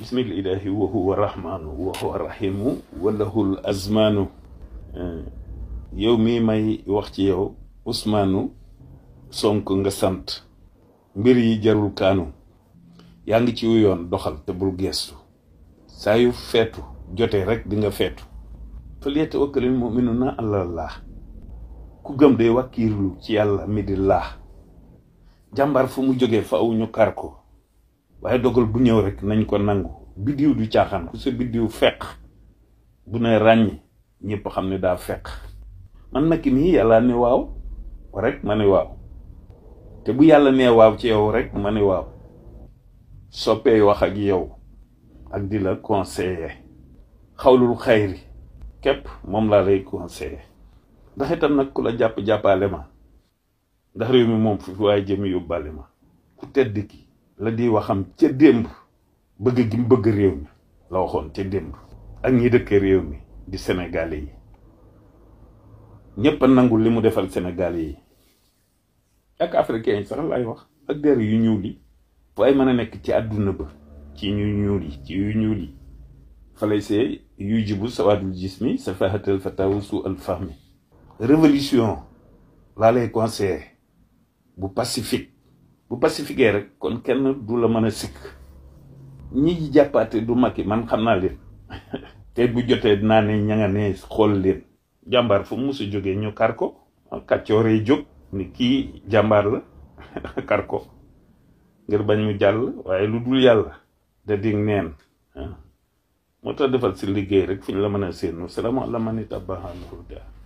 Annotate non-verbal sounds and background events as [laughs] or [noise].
bismil ilaahi wa huwa rahmaanu wa huwa rahiimu wa azmaanu yow mii may wax ci yow Ousmane Sonko nga sant mbir yi jarul kaanu yaa ngi ci yoon doxal te bul gestu saa feetu jotee rek di nga feetu falyatawakkalil mu'minuuna alallaah ku gëm day wàkkiirlu ci yàlla mi di laax jàmbaar fu mu jógee faaw ñu kar ko waaye dogal bu ñëw rekk nañ ko nangu biddiw du caaxaan ku sa biddiw feq bu ne ràññ ñëpp xam ne daa feq man nag nii yàlla ne waaw rek ma ne waaw te bu yàlla nee waaw ci yow rek ma ne waaw soppee wax ak yow ak di la conseiller xawlul xayri képp moom laa lay conseiller ndax nag ku la jàpp jàppaale ma ndax réew mi moom fu waaye jëm yóbbaale ma ku tedd ki la di waxam ca démb bëgg gi mu bëgg réew mi la waxoon ca démb ak ñi dëkk réew mi di Sénégalais yi ñëpp nangu li mu defal Sénégalais yi ak africain yi sax laay wax ak der yu ñuul yi fu ay mën a nekk ci àdduna ba ci ñu ñuul yi ci yu ñuul yi falayse yuy jibu sawaadul jismi safahatal fatawu su al fahmi révolution laa lay conseillé bu pacifique bu pacifique rek kon kenn du la mën a sikk ñi jàppaate du yi man xam naa leen [laughs] te bu jotee naa ne ña ne xool leen jàmbaar fu mu su jógee ñu kar ko kàccooree jóg ni kii jàmbaar la [laughs] kar ko ngir bañ mu jàll waaye lu dul yàlla da dig neen ah. moo tax defal si liggéey rek fi ñu la mën a la salaamu ala man ittaba'a al-huda